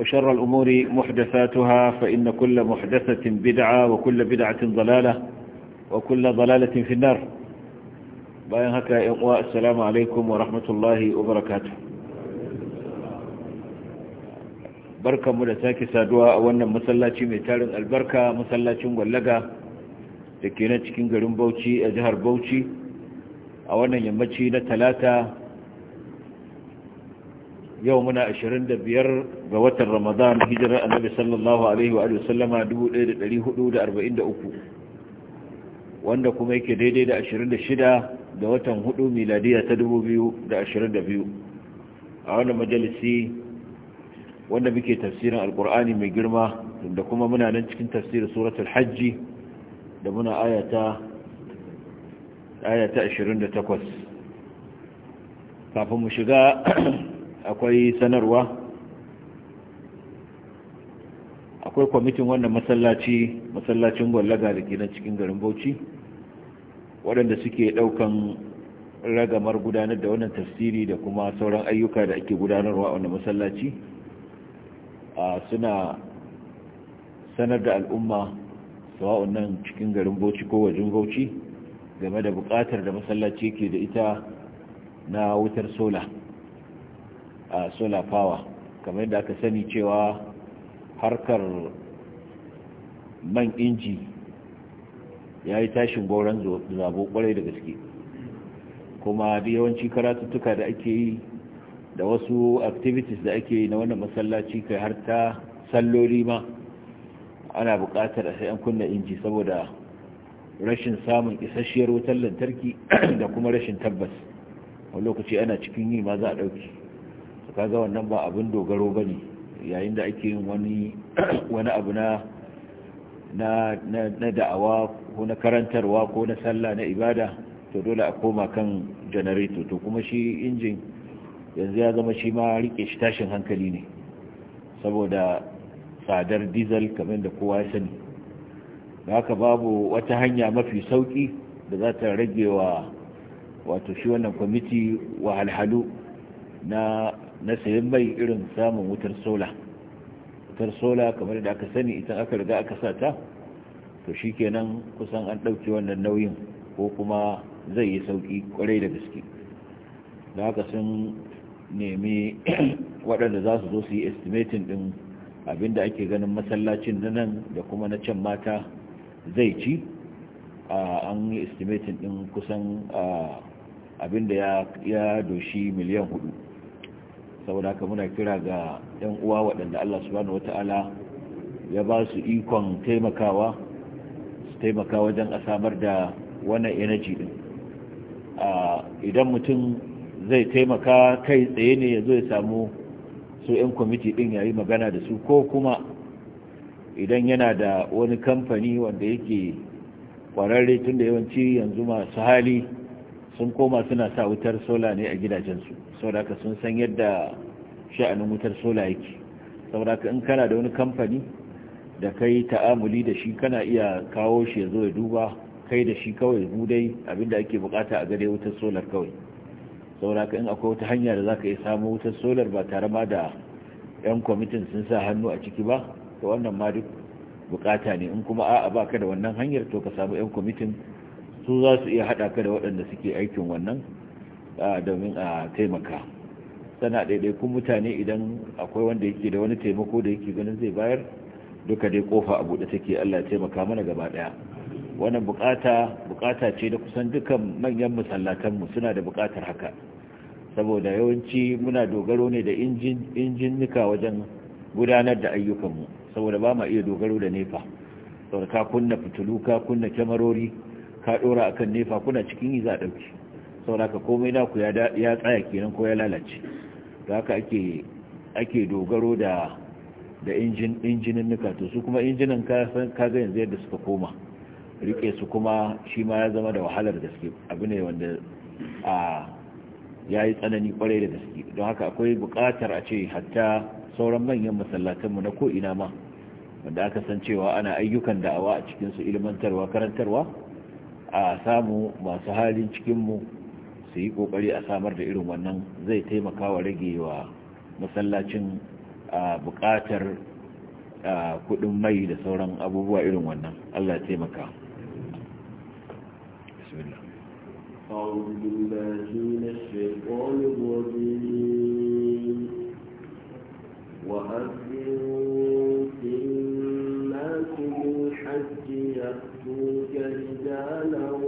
وشر الأمور محدثاتها فإن كل محدثة بدعة وكل بدعة ضلالة وكل ضلالة في النار باين هكا إقواء السلام عليكم ورحمة الله وبركاته بركة ملتاكي سادوا أولا مسلاتي ميتال البركة مسلاتي مولغة لكينا تكين قرم بوتي أجهر بوتي أولا يمتي نتلاتة yau muna 25 ga watan ramadan hijirar annabi sallallahu alaihi wa sallama 1443 wanda kuma yake daidai da 26 da watan 4 miladiya ta 2022 a wani majalisi wanda muke tafsirin alkur'ani mai girma da kuma muna nan cikin tafsirin suratul hajji da muna ayata ayata 28 kafin mu shiga akwai sanarwa akwai kwamitin wannan masallaci masallacin gwallaga da ke nan cikin garin bauchi waɗanda suke ɗaukan ragamar gudanar da wannan tafsiri da kuma sauran ayyuka da ake gudanarwa a wannan masallaci suna sanar da al'umma sawa'un nan cikin garin bauchi ko wajen bauchi game da buƙatar da masallaci ke da ita na wutar sola a solar power kamar da aka sani cewa harkar man inji ya yi tashin goron zabo kwarai da gaske kuma da yawanci karatuttuka da ake yi da wasu activities da ake yi na wannan masallaci kai har ta salloli ma ana bukatar a sai an kunna inji saboda rashin samun isasshiyar wutar lantarki da kuma rashin tabbas a lokaci ana cikin yi ma za a ɗauki kaga wannan ba abin dogaro ba ne yayin da ake yin wani abu na na da'awa ko na karantarwa ko na sallah na ibada to dole a koma kan janareto to kuma shi injin yanzu ya zama shi ma rike shi tashin hankali ne saboda tsadar diesel kamar da kowa ya sani da haka babu wata hanya mafi sauki da za ta rage wa wato shi wannan kwamiti wa wahalhalu na na sayan mai irin samun wutar sola wutar sola kamar da aka sani ita aka riga aka sa ta to shi kenan kusan an ɗauki wannan nauyin ko kuma zai yi sauƙi kwarai da gaske da aka sun nemi waɗanda za su zo su yi estimating ɗin abinda ake ganin masallacin na nan da kuma na can mata zai ci an yi estimating ɗin kusan abinda ya doshi miliyan hudu saboda haka muna kira ga 'yan uwa waɗanda Allah subhanahu wata'ala ya ba su ikon taimakawa su taimaka wajen a samar da wannan energy din idan mutum zai taimaka kai tsaye ne ya zo ya samu su 'yan kwamiti din yayi magana da su ko kuma idan yana da wani kamfani wanda yake kwararre tun da yawanci yanzu masu hali sun koma suna sa wutar sola ne a gidajensu saboda haka sun san yadda sha'anin wutar sola yake saboda in kana da wani kamfani da kai ta'amuli da shi kana iya kawo shi ya zo ya duba kai da shi kawai budai abinda ake bukata a gare wutar solar kawai saboda in akwai wata hanya da za ka iya samun wutar solar ba tare ma da yan kwamitin sun sa hannu a ciki ba to wannan ma duk bukata ne in kuma a'a baka da wannan hanyar to ka samu yan kwamitin su za su iya haɗa ka da waɗanda suke aikin wannan domin a taimaka sana kun mutane idan akwai wanda yake da wani taimako da yake ganin zai bayar duka dai kofa a buɗe take allah taimaka mana gaba ɗaya wannan bukata bukata ce da kusan dukan manyan mu suna da bukatar haka saboda yawanci muna dogaro ne da injin nika wajen gudanar da ayyukan mu saboda ba ma iya dogaro da nefa saboda ka kunna fitulu ka kunna kyamarori ka dora akan nefa kuna cikin yi za a dauki sauraka komai naku ya tsaya kenan ko ya lalace da haka ake dogaro da injinin nuka to su kuma injinan ka ga yanzu yadda suka koma rike su kuma shi ma ya zama da wahalar gaske abu ne wanda a ya yi tsanani kwarai da gaske don haka akwai bukatar a ce hatta sauran manyan masallatanmu na ko'ina ma wanda aka san cewa ana ayyukan da'awa a cikinsu ilmantarwa karantarwa a samu masu halin cikinmu su yi kokari a samar da irin wannan zai taimaka wa rage wa masallacin bukatar kudin mai da sauran abubuwa irin wannan allah ya taimaka bismillah أعوذ رجالا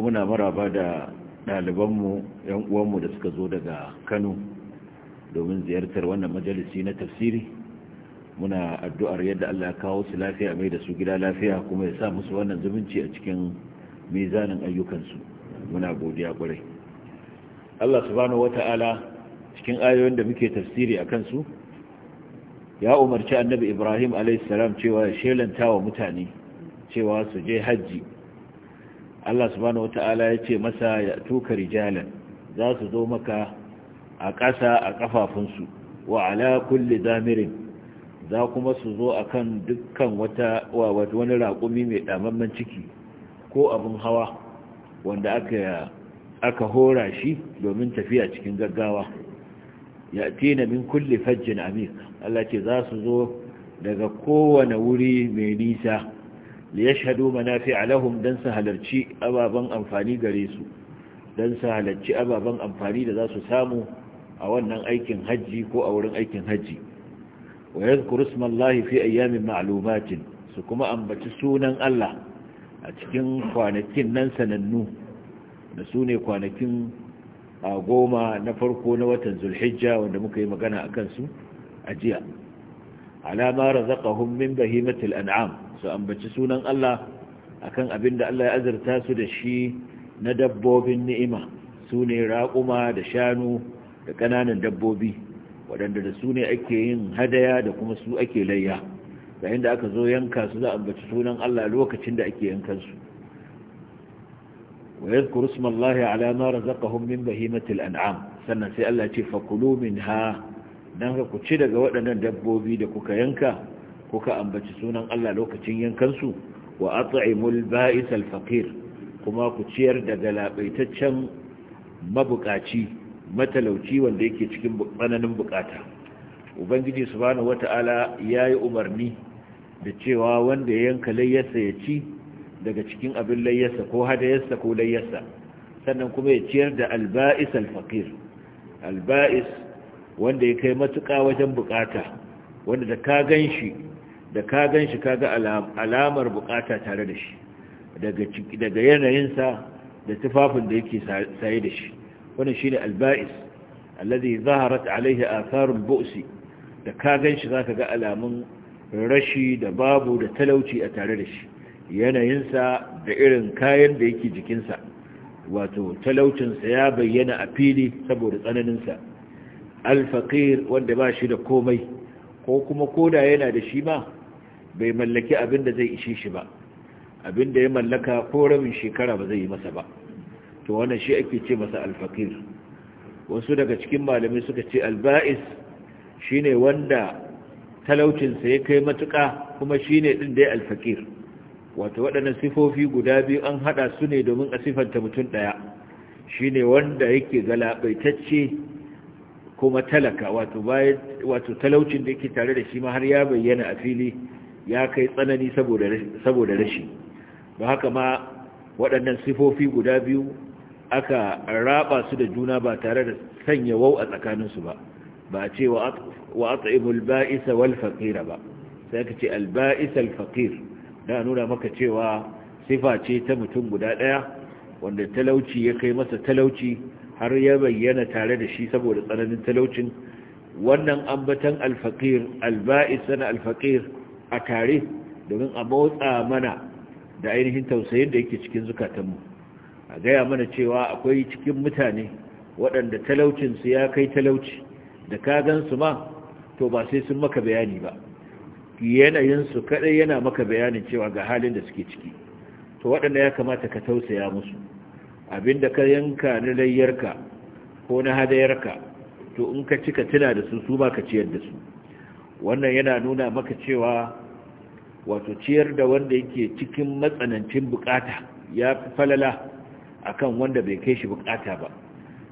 muna maraba da ɗalibanmu ‘yan uwanmu da suka zo daga kano domin ziyartar wannan majalisi na tafsiri muna addu'ar yadda Allah ya kawo su lafiya mai da su gida lafiya kuma ya sa musu wannan zumunci a cikin mizanin ayyukansu muna godiya ƙwarai Allah subhanahu wata'ala cikin ayoyin da muke tafsiri a kansu ya umarci annabi ibrahim a.s. cewa ya shelanta wa mutane cewa su je hajji Allah subhanahu wata'ala ya ce masa ya tuka rijalan za su zo maka a ƙasa a ƙafafunsu wa ala kulli zamirin za kuma su zo a kan dukkan wani raƙumi mai ɗamamman ciki ko abin hawa wanda aka hora shi domin tafiya cikin gaggawa ya tina min kulli fajjin amik Allah ce za su zo daga kowane wuri mai nisa liyashhadu manafi'a lahum dan su halarci ababan amfani gare su dan su halarci ababan amfani da za su samu a wannan aikin hajji ko a wurin aikin hajji wa yadhkuru ismallahi fi ayyamin ma'lumatin su kuma ambaci sunan Allah a cikin kwanakin nan sanannu da su ne kwanakin a goma na farko na watan zulhijja wanda muka yi magana a kansu a jiya alama razaqahum min bahimatil an'am su ambaci sunan Allah akan abin da Allah ya azurta su da shi na dabbobin ni'ima su ne raƙuma da shanu da ƙananan dabbobi waɗanda da su ne ake yin hadaya da kuma su ake layya yayin da aka zo yanka su za a ambaci sunan Allah lokacin da ake yankan su wa yadhkuru ismallahi ala ma razaqahum min bahimatil an'am sannan sai Allah ya ce fakulu minha dan ku ci daga waɗannan dabbobi da kuka yanka Kuka ambaci sunan Allah lokacin yankansu wa at'imul ba'is al-faqir kuma ku ciyar da galabaitaccen mabukaci matalauci wanda yake cikin tsananin bukata ubangiji subhanahu wata'ala yayi umarni da cewa wanda ya yanka layyarsa ya ci daga cikin abin layyarsa ko hadayarsa ko layyarsa sannan kuma ya ciyar da alba'is fakir? faqir alba'is wanda ya kai matuƙa wajen bukata wanda da ka gan shi da ka gan shi ka ga alamar bukata tare da shi daga yanayinsa da tufafin da yake saye da shi wani shi ne alba'is alladhi zaharat alaihi atharul bu'si da ka gan shi zaka ga alamun rashi da babu da talauci a tare da shi yanayinsa da irin kayan da yake jikinsa wato talaucinsa ya bayyana a fili saboda tsananinsa alfaqir wanda ba shi da komai ko kuma koda yana da shi ma bai mallaki abin da zai ishe shi ba abin da ya mallaka ko rabin shekara ba zai yi masa ba to wannan shi ake ce masa alfakir wasu daga cikin malamai suka ce alba'is shine wanda talaucinsa ya kai matuka kuma shine din da ya alfakir wato waɗannan sifofi guda biyu an haɗa su ne domin a sifanta mutum ɗaya shine wanda yake galabaitacce kuma talaka wato talaucin da yake tare da shi ma har ya bayyana a fili ya kai tsanani saboda rashi ba haka ma waɗannan sifofi guda biyu aka raba su da juna ba tare da sanya wau a tsakaninsu ba ba ce wa at'imul ba'isa wal faqira ba sai ka ce al ba'is al da nuna maka cewa sifa ce ta mutum guda ɗaya wanda talauci ya kai masa talauci har ya bayyana tare da shi saboda tsananin talaucin wannan ambatan al faqir na ba'is al a tare domin a motsa mana da ainihin tausayin da yake cikin zukatanmu a gaya mana cewa akwai cikin mutane waɗanda talaucinsu ya kai talauci da ka su ma to ba sai sun maka bayani ba yanayinsu kaɗai yana maka bayanin cewa ga halin da suke ciki to waɗanda ya kamata ka tausaya musu abinda ka yanka na layyarka ko na hadayarka to in ka cika tuna da su su ba ka ciyar da su wannan yana nuna maka cewa wato ciyar da wanda yake cikin matsanancin bukata ya fi falala akan wanda bai kai shi bukata ba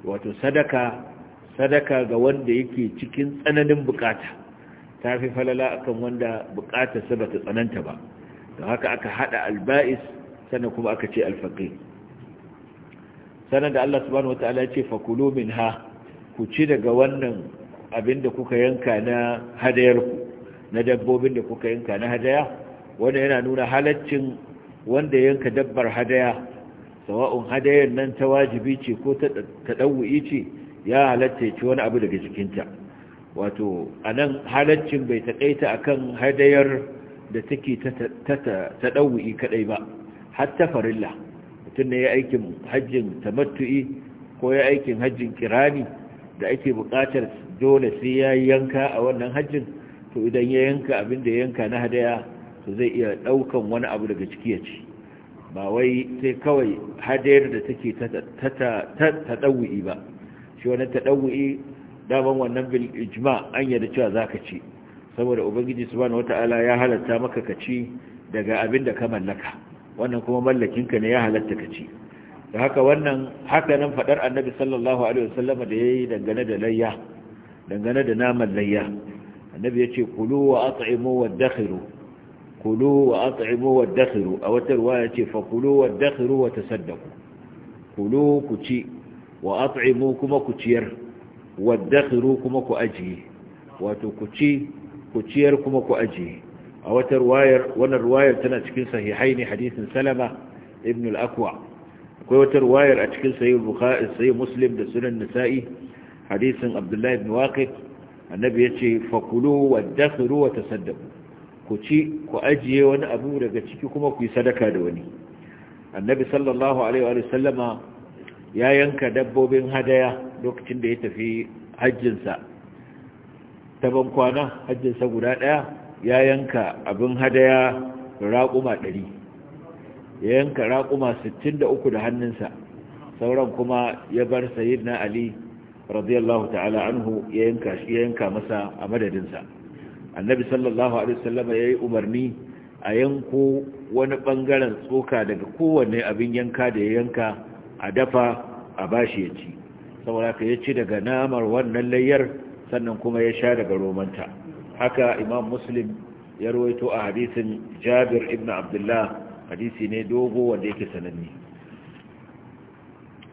wato sadaka sadaka ga wanda yake cikin tsananin bukata ta fi falala akan wanda bukata sa bata tsananta ba don haka aka hada alba'is sannan kuma aka ce alfaqir sannan da Allah subhanahu wataala ya ce fakulu minha ku ci daga wannan Abin da kuka yanka na hadayarku na dabbobin da kuka yanka na hadaya wanda yana nuna halaccin wanda yanka dabbar hadaya sawa'un hadayar nan ta wajibi ce ko ta ɗau'i ce ya halatta ce wani abu daga jikinta wato a nan halaccin bai taƙaita a kan hadayar da take ta ɗau'i kaɗai ba har ta farilla mutum ne ya aikin hajjin tamattu'i ko ya aikin hajjin kirani da ake bukatar dole sai ya yanka a wannan hajjin to idan ya yanka abin da ya yanka na hadaya to zai iya ɗaukan wani abu daga ciki ya ci ba wai sai kawai hadayar da take ta ɗauwi ba shi wannan ta ɗauwi daman wannan bil ijma an yarda cewa za ka ci saboda ubangiji subhanahu wata'ala ya halatta maka ka ci daga abin da ka mallaka wannan kuma mallakinka ne ya halatta ka ci da haka wannan hakanan nan fadar annabi sallallahu alaihi wasallam da yayi dangane da layya dangane da naman layya annabi yace kulu wa at'imu Dakhiru. kulu wa at'imu Dakhiru a wata riwaya yace fa kulu wa Dakhiru wa tasaddaqu kulu ku ci wa at'imu kuma ku ciyar Dakhiru kuma ku ajiye wato ku ci ku ciyar kuma ku ajiye a wata riwayar wannan riwayar tana cikin sahihaini hadisin salama ibn al-aqwa akwai wata ruwayar a cikin sayi bukhari muslim da sunan nisa'i hadisin abdullahi ibn waqif annabi yace fakulu wa dakhru wa tasaddaqu ku ci ku ajiye wani abu daga ciki kuma ku yi sadaka da wani annabi sallallahu alaihi wa sallama ya yanka dabbobin hadaya lokacin da ya tafi hajjinsa ta bankwana hajjinsa guda daya ya yanka abin hadaya raƙuma ɗari ya yanka raƙuma 63 da hannunsa sauran kuma ya bar na ali radiyallahu ta'ala anhu ya yanka masa a madadinsa annabi sallallahu alaihi ya yayi umarni a yanko wani bangaren tsoka daga kowane abin yanka da ya yanka a dafa a bashi ya ci saboda ka ya ci daga namar wannan layyar sannan kuma ya sha daga romanta haka imam muslim ya ruwaito a hadisin jabir ibn abdullah hadisi ne dogo wanda yake sananni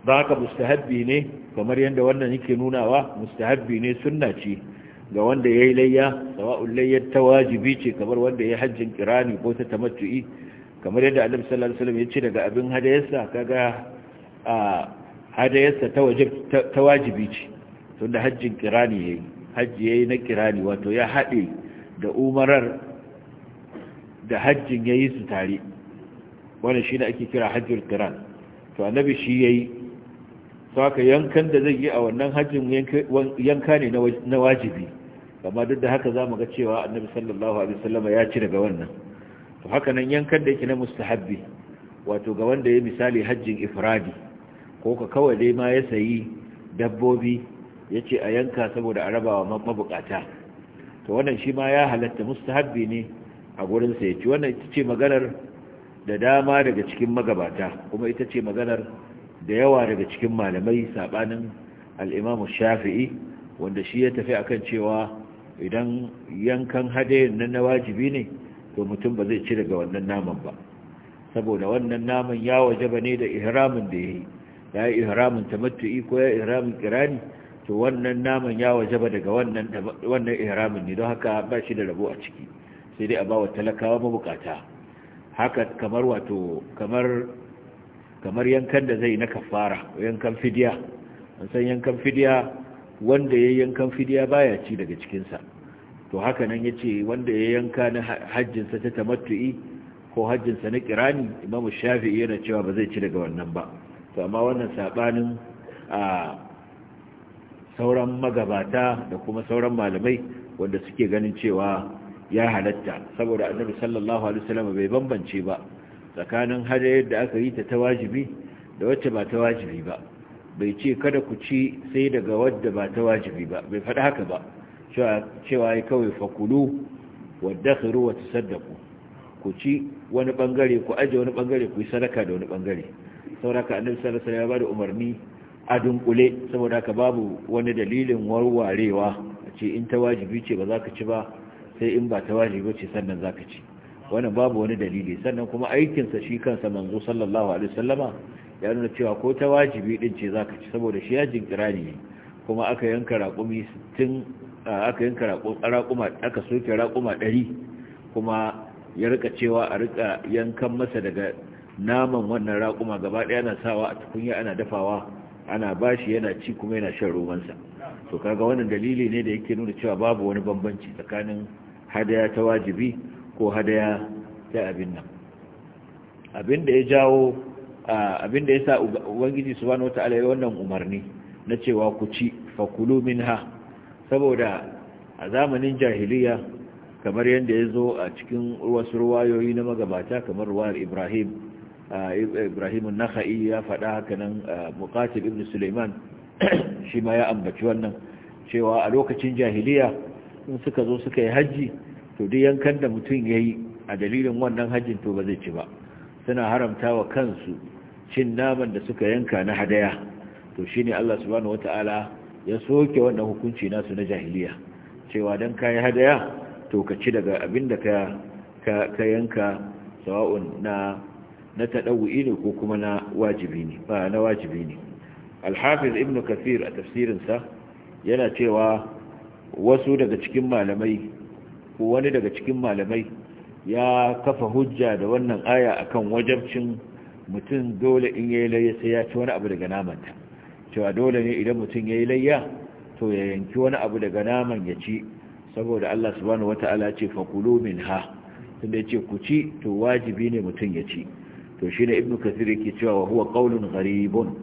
ba ka mustahabbi ne kamar yadda wannan yake nunawa mustahabbi ne sunna ce ga wanda ya yi layya sawa'un layyar ta wajibi ce kamar wanda ya hajjin kirani ko ta tamattu'i kamar yadda annabi sallallahu alaihi wasallam ya ce daga abin hadayarsa kaga a hadayarsa ta wajib ta wajibi ce tunda hajjin kirani yayi hajji yayi na kirani wato ya hade da umarar da hajjin yayi su tare wannan shi ne ake kira hajjul kiran to annabi shi ya yi saka yankan da zai yi a wannan hajjin yanka ne na wajibi amma duk da haka za mu ga cewa annabi sallallahu alaihi wasallam ya ci daga wannan to haka nan yankan da yake na mustahabbi wato ga wanda ya misali hajjin ifradi ko ka kawai dai ma ya sayi dabbobi ya ce a yanka saboda a rabawa mabukata to wannan shi ma ya halatta mustahabbi ne a gurinsa ya ci wannan ita ce maganar da dama daga cikin magabata kuma ita ce maganar da yawa daga cikin malamai sabanin al'imamu shafi'i wanda shi ya tafi akan cewa idan yankan hadayen nan na wajibi ne to mutum ba zai ci daga wannan naman ba saboda wannan naman ya wajaba ne da ihramin da ya yi ya yi ihramin tamattu'i ko ya ihramin kirani to wannan naman ya wajaba daga wannan ihramin ne don haka ba shi da rabo a ciki sai dai a ba wa talakawa mabukata haka kamar wato kamar kamar yankan da zai na kafara yankan fidiya an san yankan fidiya wanda ya yankan fidiya baya ci daga cikinsa to haka nan ya ce wanda ya yanka na hajjinsa ta tamattu'i ko hajjinsa na kirani imamu shafi'i yana cewa ba zai ci daga wannan ba to amma wannan saɓanin a sauran magabata da kuma sauran malamai wanda suke ganin cewa ya halatta saboda annabi sallallahu alaihi wasallam bai bambance ba tsakanin hadayar yadda aka yi ta ta wajibi da wacce ba ta wajibi ba bai ce kada ku ci sai daga wadda ba ta wajibi ba bai faɗi haka ba cewa ai kawai fakulu wadda wa tasaddaqu ku ci wani bangare ku aje wani bangare ku yi sadaka da wani bangare sauraka annabi sallallahu alaihi wasallam ya bada umarni a dunkule saboda haka babu wani dalilin warwarewa a ce in ta wajibi ce ba za ka ci ba sai in ba ta ba ce sannan zaka ci wannan babu wani dalili sannan kuma aikinsa shi kansa manzo sallallahu alaihi wasallama ya nuna cewa ko ta wajibi din ce zaka ci saboda shi ya jinkira ne kuma aka yanka raƙumi tun aka yanka raƙuma aka soke raƙuma ɗari kuma ya rika cewa a rika yankan masa daga naman wannan raƙuma gaba ɗaya ana sawa a tukunya ana dafawa ana bashi yana ci kuma yana shan romansa to kaga wannan dalili ne da yake nuna cewa babu wani bambanci tsakanin hadaya ta wajibi ko hadaya ta abin nan abin da ya jawo abin da ya sa ubangiji subhanahu wataala ya wannan umarni na cewa ku ci fakulu minha saboda a zamanin jahiliya kamar yadda ya zo a cikin wasu ruwayoyi na magabata kamar ruwayar ibrahim ibrahim nakha'i ya faɗa hakanan muqatil ibn suleiman shi ma ya ambaci wannan cewa a lokacin jahiliya in suka zo suka yi hajji to duk yankan da mutum ya yi a dalilin wannan hajjin to ba zai ci ba suna haramta wa kansu cin naman da suka yanka na hadaya to shi ne Allah subhanahu wata'ala ya soke wannan hukunci nasu na jahiliya cewa dan yi hadaya to ka ci daga abin da ka yanka sawa'un na na ne ko kuma na wajibi ne ba na wajibi ne al-hafiz ibn kathir a tafsirinsa yana cewa wasu daga cikin malamai ko wani daga cikin malamai ya kafa hujja da wannan aya akan wajabcin mutum dole in yayi layya sai ya ci wani abu daga namanta cewa dole ne idan mutum yayi layya to ya yanki wani abu daga naman ya ci saboda Allah subhanahu wataala ce faqulu minha tunda yace ku ci to wajibi ne mutum ya ci to shine ibnu kathir yake cewa wa huwa qaulun gharibun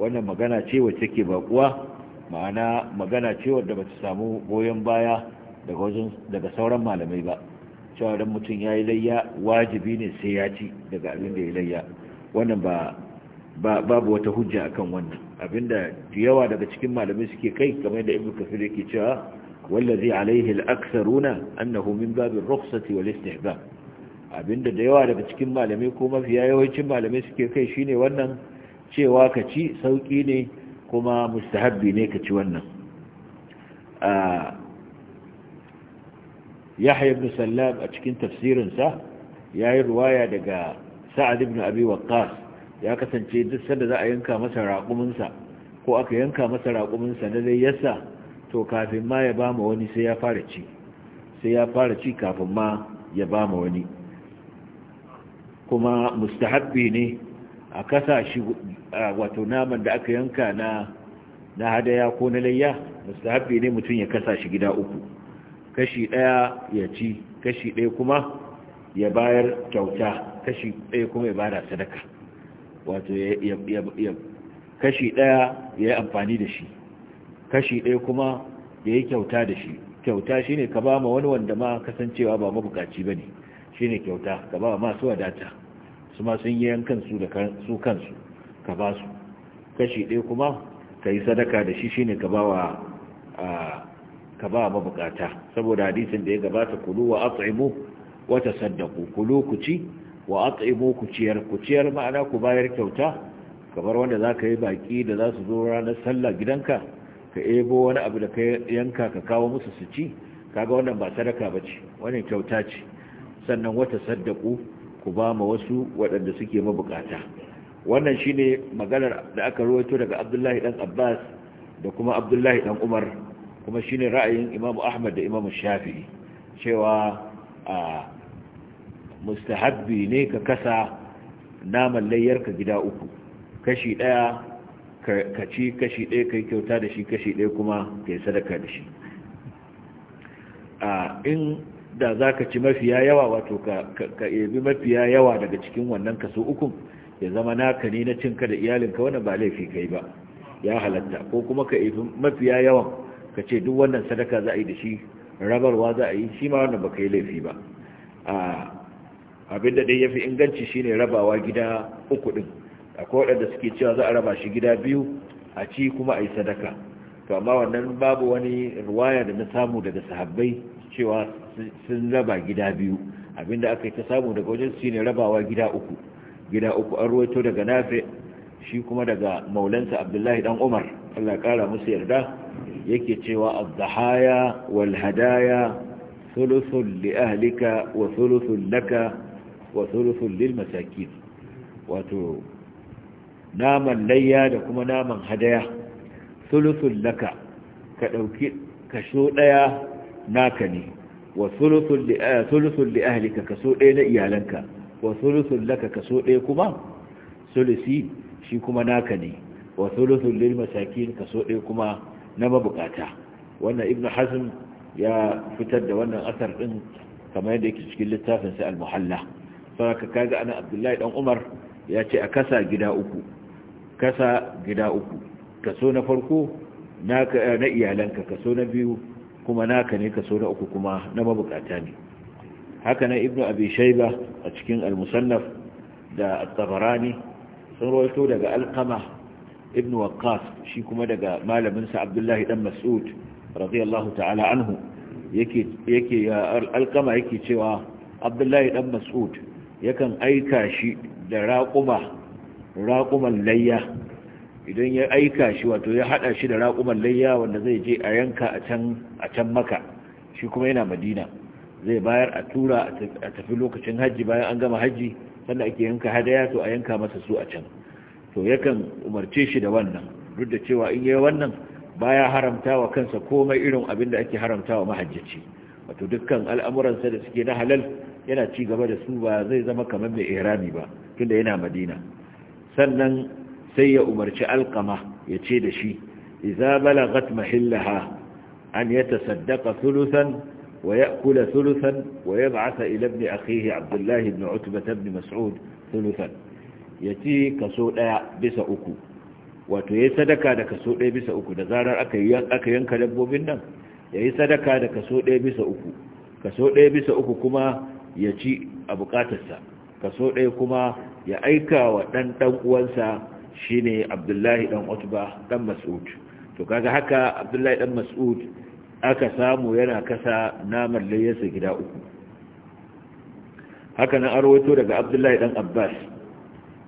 wannan magana ce wacce take bakuwa ma'ana magana cewa da ba ta samu goyon baya daga sauran malamai ba cewa don mutum ya yi layya wajibi ne sai ya ci daga abin da ya layya wannan ba babu wata hujja akan wannan abinda yawa daga cikin malamai suke kai kamar da ibnu kafir yake cewa wallazi alaihi al-aktharuna annahu min bab ar-rukhsati wal istihbab abinda da yawa daga cikin malamai ko mafiya yawancin malamai suke kai shine wannan cewa ka ci sauki ne kuma mustahabbi ne ka ci wannan yahya ibn sallam a cikin tafsirinsa ya yi ruwaya daga sa'ad ibn abi waqqas ya kasance duk sanda za a yanka masa raƙuminsa ko aka yanka masa raƙuminsa na dai yasa to kafin ma ya bama wani sai ya fara ci sai ya fara ci kafin ma ya bama wani kuma mustahabbi ne a kasa wato naman da aka yanka na na hadaya ko na layya mustahabbi ne mutum ya kasa shi gida uku kashi daya ya ci kashi daya kuma ya bayar kyauta kashi daya kuma ya bada sadaka wato ya kashi daya ya yi amfani da shi kashi daya kuma ya yi kyauta da shi kyauta shine ka ba ma wani wanda ma kasancewa ba mabukaci bane shine kyauta ka ba ma masu wadata su ma sun yi yankan su da su kansu ka ba su kashi ɗaya kuma ka yi sadaka da shi shine ka ba wa ka ba mabukata saboda hadisin da ya gabata kulu wa at'imu wa tasaddaqu kulu ku ci wa at'imu ku ciyar ku ciyar ma'ana ku bayar kyauta kamar wanda za ka yi baki da za su zo ranar sallah gidanka ka ebo wani abu da ka yanka ka kawo musu su ci kaga wannan ba sadaka ba ce wannan kyauta ce sannan wata saddaku ku ba ma wasu waɗanda suke mabukata wannan shi ne maganar da aka ruwaito daga Abdullahi Ɗan Abbas da kuma Abdullahi Ɗan Umar kuma shi ne ra'ayin imamu Ahmad da Imam Shafi'i cewa a mustahabbi ne ka kasa naman layyarka gida uku kashi ɗaya ka ci kashi ɗaya ka yi kyauta da shi kashi ɗaya kuma ka yi sadaka da shi a in da za ka ci mafiya yawa wato ka mafiya yawa daga cikin wannan kaso ukun ya zama naka ne na cinka da iyalinka wannan ba laifi kai ba ya halatta ko kuma ka ifi mafiya yawan ka ce duk wannan sadaka za a yi da shi rabarwa za a yi shi ma wannan ba ka yi laifi ba abin da dai ya fi inganci shine rabawa gida uku din akwai waɗanda suke cewa za a raba shi gida biyu a ci kuma a yi sadaka to amma wannan babu wani ruwaya da na samu daga sahabbai cewa sun raba gida biyu abinda aka yi ta samu daga wajen su ne rabawa gida uku gida uku an ruwaito daga nafe. shi kuma daga maulansa abdullahi dan umar allah kara musu yarda yake cewa az wal hadaya thuluthun li ahlika wa thuluthun laka wa thuluthun lil masakin wato naman layya da kuma naman hadaya thuluthun laka ka dauki kasho daya naka ne wa thuluthun li eh, ahlika kaso daya na iyalanka wa thuluthun laka kaso ɗaya kuma sulusi shi kuma naka ne wa thuluthun lil masakin kaso ɗaya kuma na mabukata wannan ibnu hazm ya fitar da wannan asar din kamar yadda yake cikin littafin sa al-muhalla saboda kaga ana abdullahi dan umar ya ce a kasa gida uku kasa gida uku kaso na farko eh, na iyalanka kaso na biyu kuma naka ne kaso na uku kuma na mabukata ne haka ibnu abi shayba a cikin al-musannaf da at-tabarani sun rawaito daga alqama ibnu waqqas shi kuma daga malamin sa abdullahi dan mas'ud radiyallahu ta'ala anhu yake yake alqama yake cewa abdullahi dan mas'ud yakan aika shi da raquma raquman layya idan ya aika shi wato ya hada shi da raquman layya wanda zai je a yanka a can a can maka shi kuma yana madina zai bayar a tura a tafi lokacin hajji bayan an gama hajji sannan ake yanka hadaya to a yanka masa su a can to yakan umarce shi da wannan duk da cewa in yi wannan baya haramta wa kansa komai irin abin da ake haramta wa mahajjaci wato dukkan al'amuransa da suke na halal yana ci gaba da su ba zai zama kamar mai ihrami ba tunda yana madina sannan sai ya umarci alkama ya ce da shi iza balagat mahillaha an yatasaddaqa thuluthan ويأكل ثلثا ويبعث إلى ابن أخيه عبد الله بن عتبة بن مسعود ثلثا يتي كسوء بس أكو wato ya yi sadaka da kaso ɗaya bisa uku da zarar aka yanka dabbobin nan ya yi sadaka da kaso ɗaya bisa uku kaso ɗaya bisa uku kuma ya ci a bukatarsa kaso ɗaya kuma ya aika wa ɗan ɗan uwansa shine abdullahi ɗan utba ɗan mas'ud to kaga haka abdullahi ɗan mas'ud aka samu yana kasa naman layyarsa gida uku haka na arwato daga abdullahi dan abbas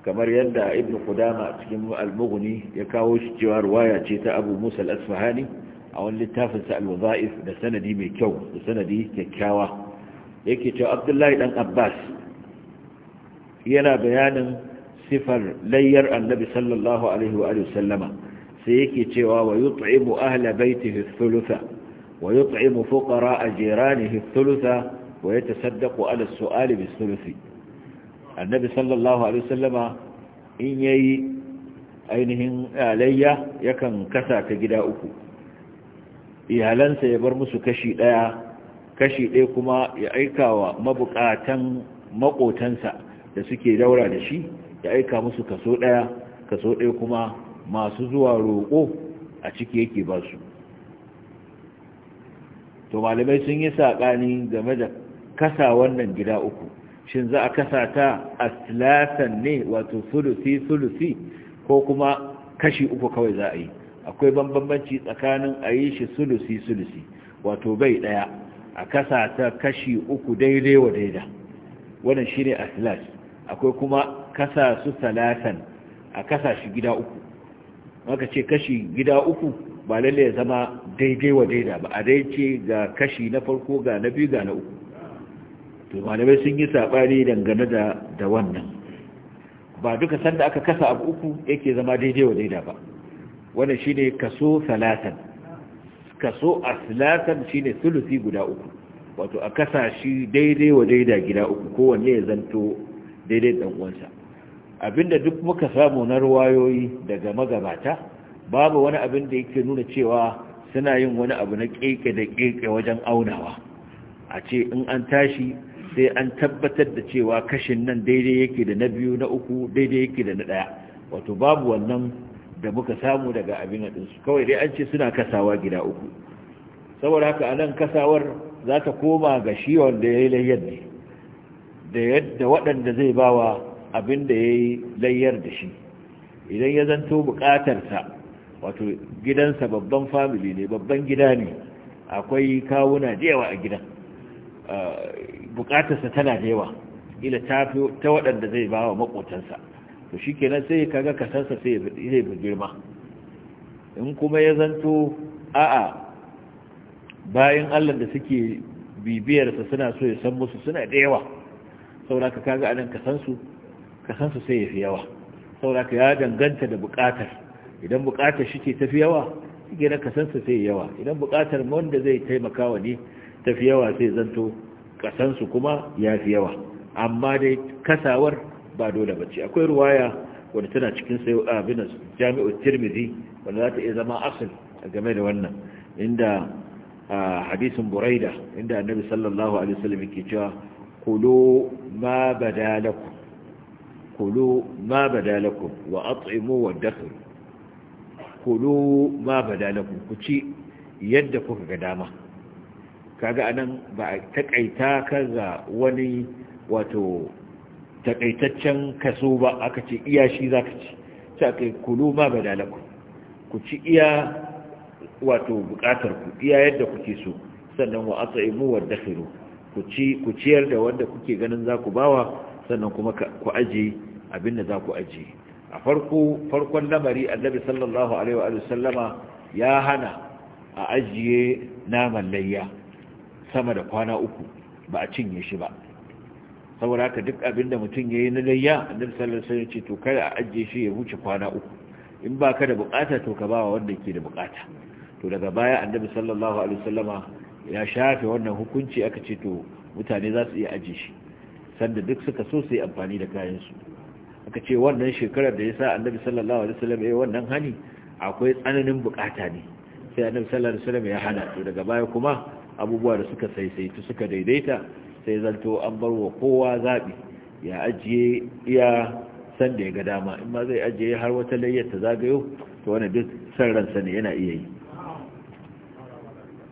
kamar yadda ibn kudama cikin al muguni ya kawo shi cewa ruwaya ce ta abu musa al-asfahani a wani littafinsa al-waza'if da sanadi mai kyau da sanadi kyakkyawa yake cewa abdullahi dan abbas yana bayanin sifar layyar annabi sallallahu alaihi wa sallama sai yake cewa wa yut'imu ahla baitihi thulutha ويطعم فقراء جيرانه الثلثة ويتصدق على السؤال بالثلث النبي صلى الله عليه وسلم إن يي ainihin alayya yakan kasa ta gida uku iyalansa ya bar musu kashi ɗaya kashi kuma ya aika wa mabukatan maƙotansa da suke daura da shi ya aika musu kaso ɗaya? kaso ɗaya kuma masu zuwa roƙo a ciki yake ba su to malamai sun yi saɓani game da kasa wannan gida uku shin za a kasa ta aslatan ne wato sulusi sulusi ko kuma kashi uku kawai za a yi akwai bambanci tsakanin a yi shi sulusi sulusi wato bai ɗaya a kasa ta kashi uku daidai wa daida wannan shine aslat akwai kuma kasa su talatan a kasa shi gida uku maka ce kashi gida uku ba lalle ya zama daidai wa daida ba a ce ga kashi na farko ga na biyu ga na uku to malamai sun yi saɓani dangane da da wannan ba duka sanda aka kasa abu uku yake zama daidai wa daida ba wannan shine kaso salatan kaso aslatan shine sulusi guda uku wato a kasa shi daidai wa daida gida uku kowanne ya zanto daidai dan uwansa abinda duk muka samu na ruwayoyi daga magabata babu wani abin da yake nuna cewa suna yin wani abu na keke da keke wajen aunawa a ce in an tashi sai an tabbatar da cewa kashin nan daidai yake da na biyu na uku daidai yake da na ɗaya wato babu wannan da muka samu daga abin su kawai dai an ce suna kasawa gida uku saboda haka anan kasawar za ta koma ga shi wanda ya yi layyar ne da yadda waɗanda zai bawa abin da ya yi layyar da shi idan ya zanto buƙatarsa wato gidansa babban family ne babban gida ne akwai kawuna da yawa a gidan ah, bukatarsa tana da yawa ila ta waɗanda zai ba wa makotansa to shi kenan sai kaga kasansa sai ya girma in kuma ya zanto a'a bayan allah da suke bibiyarsa suna so ya san musu suna da yawa ka kaga anan kasansu kasansu sai ya fi yawa ka ya danganta da bukatar idan buƙatar shi ce tafi yawa shi na kasansa sai yawa idan buƙatar wanda zai taimaka wa ne tafi yawa sai zanto kasansu kuma ya fi yawa amma dai kasawar ba dole bace akwai ruwaya wanda tana cikin sai abin jami'u tirmidhi wanda za ta iya zama asal game da wannan inda hadisin buraida inda annabi sallallahu alaihi wasallam yake cewa kulu ma badalakum kulu ma badalakum wa at'imu wa dakhlu kulu ma bada lakum ku ci yadda kuka ga dama kaga anan ba a takaita kaga wani wato takaitaccen kaso ba aka ce iya shi zaka ci ta kai kulu ma bada lakum ku ci iya wato bukatar ku iya yadda kuke so sannan wa a wa dakhiru ku ci ku ciyar da wanda kuke ganin za ku bawa sannan kuma ku aje abin da za ku aje a farko farkon lamari annabi sallallahu alaihi wa sallama ya hana a ajiye naman layya sama da kwana uku ba a cinye shi ba saboda haka duk abin da mutum yayi na layya annabi sallallahu alaihi ya ce to kada a ajiye shi ya wuce kwana uku in ba ka da bukata to ka bawa wanda yake da bukata to daga baya annabi sallallahu alaihi sallama ya shafe wannan hukunci aka ce to mutane za su iya ajiye shi sanda duk suka so su yi amfani da kayan su aka ce wannan shekarar da ya sa annabi sallallahu alaihi wasallam ya wannan hani akwai tsananin bukata ne sai annabi sallallahu alaihi wasallam ya hana to daga baya kuma abubuwa da suka saisaitu suka daidaita sai zanto an bar wa kowa zabi ya ajiye iya san da ya ga dama in ma zai ajiye har wata layyar ta zagayo to wannan duk san ransa ne yana iya yi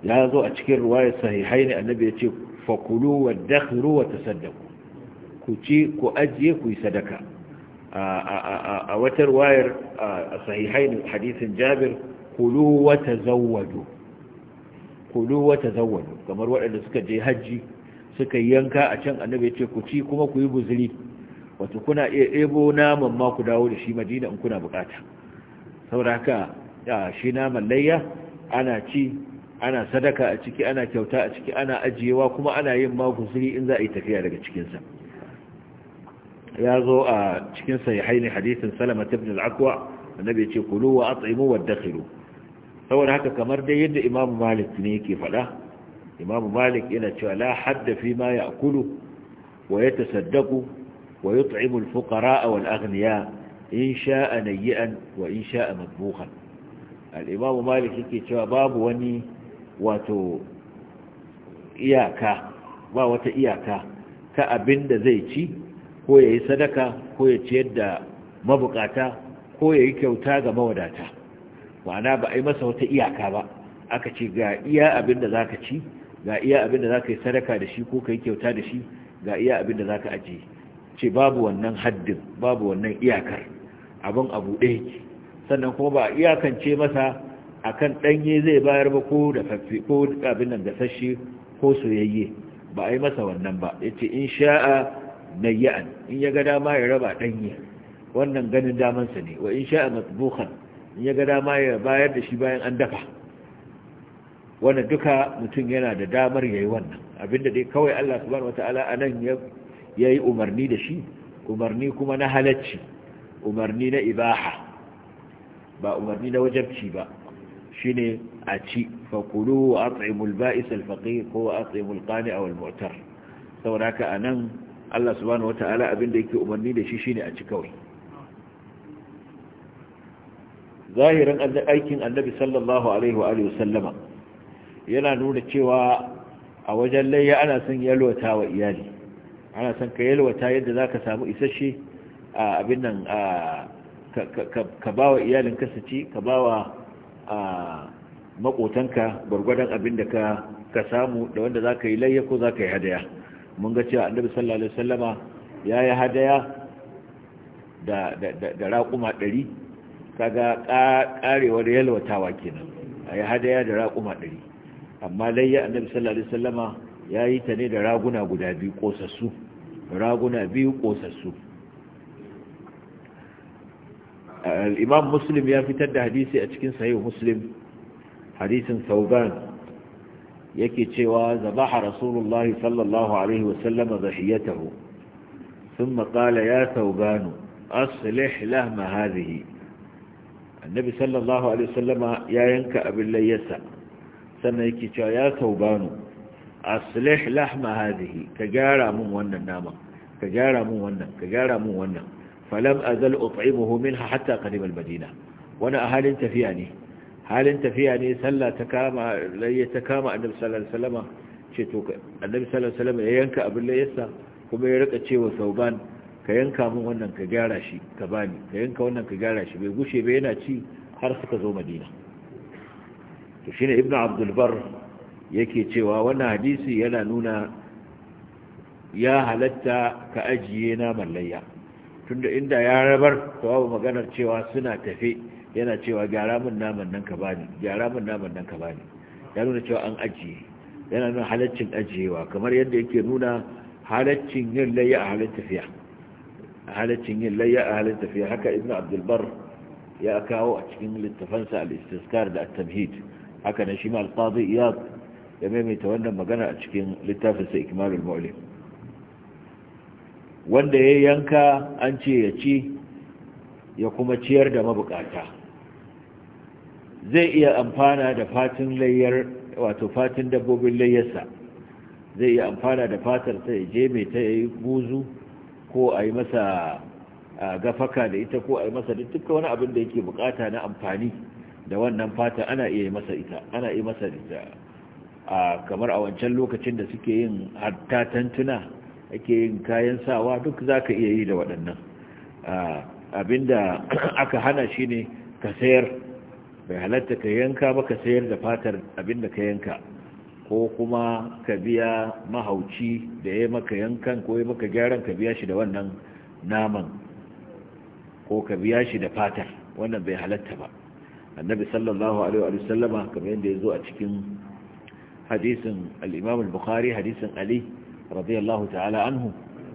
ya zo a cikin ruwaya sahihai ne annabi ya ce fakulu wa dakhru wa tasaddaqu ku ci ku ajiye ku yi sadaka a watar wayar a sahihain hadisin jabir kulu wa tazawwadu kamar waɗanda suka je hajji suka yanka a can annabi ya ce ku ci kuma ku yi buzuri wato kuna iya ɗebo naman ma ku dawo da shi madina in kuna bukata saboda haka shi naman layya ana ci ana sadaka a ciki ana kyauta a ciki ana ajiyewa kuma ana yin ma guzuri in za a yi tafiya daga cikinsa ya zo a cikin sahihaini hadisin salama ibn al-aqwa annabi ce kulu wa at'imu wa dakhilu saboda haka kamar dai yadda imam malik ne yake fada imam malik yana cewa la hadda fi ma ya'kulu wa yatasaddaqu wa yut'imu al-fuqara wal aghniya in sha'a nayyan wa in sha'a madbukhan al-imam malik yake cewa babu wani wato iyaka ba wata iyaka ta abinda zai ci ko ya yi sadaka ko ya ciyar da mabukata ko ya yi kyauta ga mawadata ma'ana ba a yi masa wata iyaka ba aka ce ga iya abin da za ka ci ga iya abin da za ka yi sadaka da shi ko ka yi kyauta da shi ga iya abin da za ka ajiye ce babu wannan haddin babu wannan iyakar abin abu ɗaya ke sannan kuma ba a iyakance masa a kan ɗanye zai bayar ba ko da fafi ko abin nan gasashe ko soyayye ba a yi masa wannan ba ya ce in sha'a nayyan in ya ga dama ya raba danye wannan ganin damansa ne wa in sha'a matbukhan in ya ga dama ya bayar da shi bayan an dafa wannan duka mutum yana da damar yayi wannan abinda dai kawai Allah subhanahu wataala anan ya yayi umarni da shi umarni kuma na halacci umarni na ibaha ba umarni na wajabci ba shine a ci kulu wa at'imul ba'is al ko at'imul qani' aw al-mu'tar saboda haka anan Allah subhanahu wata'ala abin da yake umarni da shi shine a ci kawai zahirin aikin annabi sallallahu alaihi wa alihi sallama yana nuna cewa a wajen layya ana son yalwata wa iyali ana son ka yalwata yadda zaka samu isasshe a abin nan ka ba wa iyalin ka ci ka bawa makotanka gwargwadon abin da ka samu da wanda zaka yi layya ko zaka yi hadaya mun ga cewa annabi sallallahu alaihi wasallama ya yi hadaya da raƙuma ɗari kaga ƙarewar yalwatawa kenan a yi hadaya da raƙuma ɗari amma layya annabi sallallahu alaihi wasallama ya yi ta ne da raguna guda biyu ƙosassu raguna biyu ƙosassu imam muslim ya fitar da hadisi a cikin sahih muslim hadisin sauban yake cewa zabaha rasulullahi sallallahu alaihi wasallam zahiyatahu thumma qala ya thawban aslih lahma hadhihi annabi sallallahu alaihi wasallama ya yanka abin layyarsa sannan yake cewa ya thawban aslih lahma hadhihi ka gyara mun wannan nama ka gyara mun wannan ka gyara mun wannan falam azal ut'imuhu minha hatta qadima al-madina wani a halin tafiya ne halin tafiya ne sallah ta kama layya ta kama annabi sallallahu alaihi wasallam ce to annabi sallallahu alaihi wasallam ya yanka abin layyarsa kuma ya rika cewa sauban ka yanka min wannan ka gyara shi ka bani ka yanka wannan ka gyara shi bai gushe ba yana ci har suka zo madina to shine ibnu abdul bar yake cewa wannan hadisi yana nuna ya halatta ka ajiye na layya tunda inda ya rabar to babu maganar cewa suna tafe yana cewa gyara min naman nan ka bani gyara min naman nan ka bani ya nuna cewa an ajiye yana nuna halaccin ajiyewa kamar yadda yake nuna halaccin yin layya a halin tafiya halaccin yin layi a halin tafiya haka ibn abdulbar ya kawo a cikin littafansa al-istiskar da at-tamhid haka na shi ma al-qadi iyad ya maimaita wannan magana a cikin littafinsa ikmalul mu'lim wanda ya yanka an ce ya ci ya kuma ciyar da mabukata zai iya amfana da fatin layyar wato fatin dabbobin layyarsa zai iya amfana da fatar ta ya je mai ta yi buzu ko a yi masa gafaka da ita ko a yi masa dukkan wani abin da yake bukata na amfani da wannan fata ana iya masa ita ana iya masa ita a kamar a wancan lokacin da suke yin hatta tantuna ake yin kayan sawa duk za ka iya yi da waɗannan Abin da aka hana shi ne ka sayar bai halatta ka yanka ba ka sayar da fatar abinda ka yanka ko kuma ka biya mahauci da ya maka yankan ko ya maka gyaran ka biya shi da wannan naman ko ka biya shi da fatar wannan bai halatta ba annabi sallallahu alaihi wa sallama kamar yadda ya zo a cikin hadisin al al-bukhari hadisin ali radiyallahu ta'ala anhu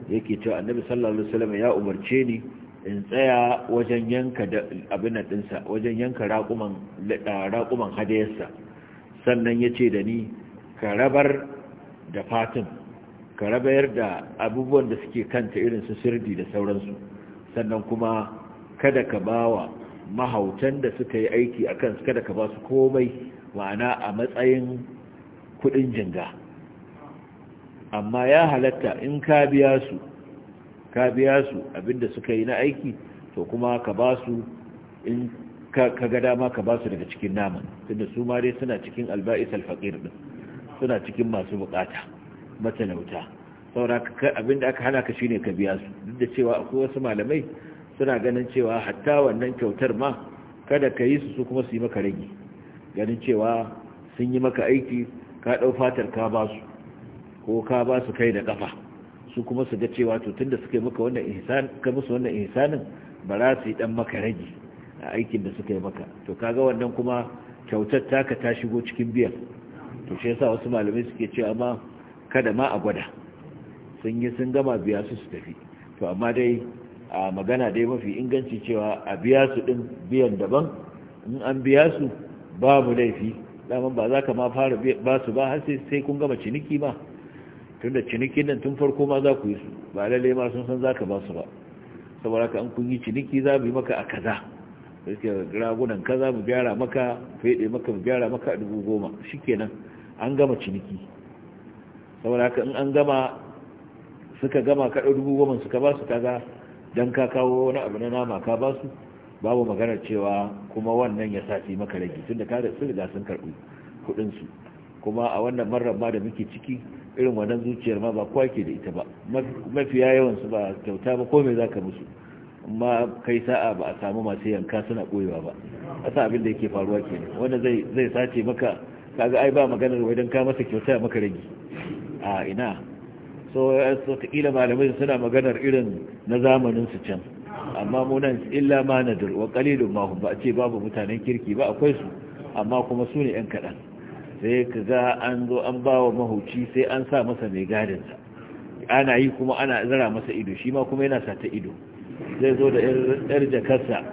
yake cewa annabi sallallahu alaihi wa sallama ya umarce ni in tsaya wajen yanka abin ɗinsa wajen yanka raƙuman hadayarsa sannan ya ce da ni ka rabar da fatin ka rabayar da abubuwan da suke kanta irin su sirdi da sauransu sannan kuma kada ka ba wa mahautan da suka yi aiki a kansu kada ka ba su komai ma'ana a matsayin kudin jinga amma ya halatta in ka biya su ka biya su abinda suka yi na aiki to kuma ka ba su in ka ga dama ka ba su daga cikin naman tunda su ma dai suna cikin alba'is alfaqir din suna cikin masu bukata matalauta saura abinda aka hana ka shine ka biya su duk da cewa akwai wasu malamai suna ganin cewa hatta wannan kyautar ma kada ka yi su su kuma su yi maka rage ganin cewa sun yi maka aiki ka dau fatar ka ba su ko ka ba su kai da kafa su kuma su ga cewa to tunda suka yi maka wannan ihsan ka musu wannan ihsanin ba za su yi dan maka rage a aikin da suka yi maka to kaga wannan kuma kyautar taka ta shigo cikin biyan to shi yasa wasu malamai suke cewa ma kada ma a gwada sun yi sun gama biya su su tafi to amma dai a magana dai mafi inganci cewa a biya su din biyan daban in an biya su babu laifi daman ba za ka ma fara ba su ba har sai kun gama ciniki ba tun da ciniki nan tun farko ma za ku yi su ba lalle ma sun san za ka ba su ba saboda ka an kun yi ciniki za mu yi maka a kaza suke ragunan kaza mu gyara maka fede maka mu gyara maka a dubu goma shi kenan an gama ciniki saboda haka in an gama suka gama ɗau dubu goma suka ba su kaza don ka kawo wani abu na nama ka ba su babu maganar cewa kuma wannan ya sati maka rage tun da ka da sun riga sun karɓi kuɗinsu kuma a wannan marar ma da muke ciki irin wannan zuciyar ma ba kowa ke da ita ba mafiya yawansu ba kyauta ba me za ka musu amma kai sa'a ba a samu masu yanka suna koyewa ba a sa abin da yake faruwa ke ne wanda zai sace maka kaga ai ba maganar wai don ka masa kyauta ya maka rage a ina so malamai suna maganar irin na zamanin su can amma munan illa ma nadir wa kalilun ma ba a ce babu mutanen kirki ba akwai su amma kuma su ne yan kaɗan sai ka ga an zo an ba wa mahauci sai an sa masa mai gadinsa ana yi kuma ana zara masa ido shi ma kuma yana sata ido zai zo da yar jakarsa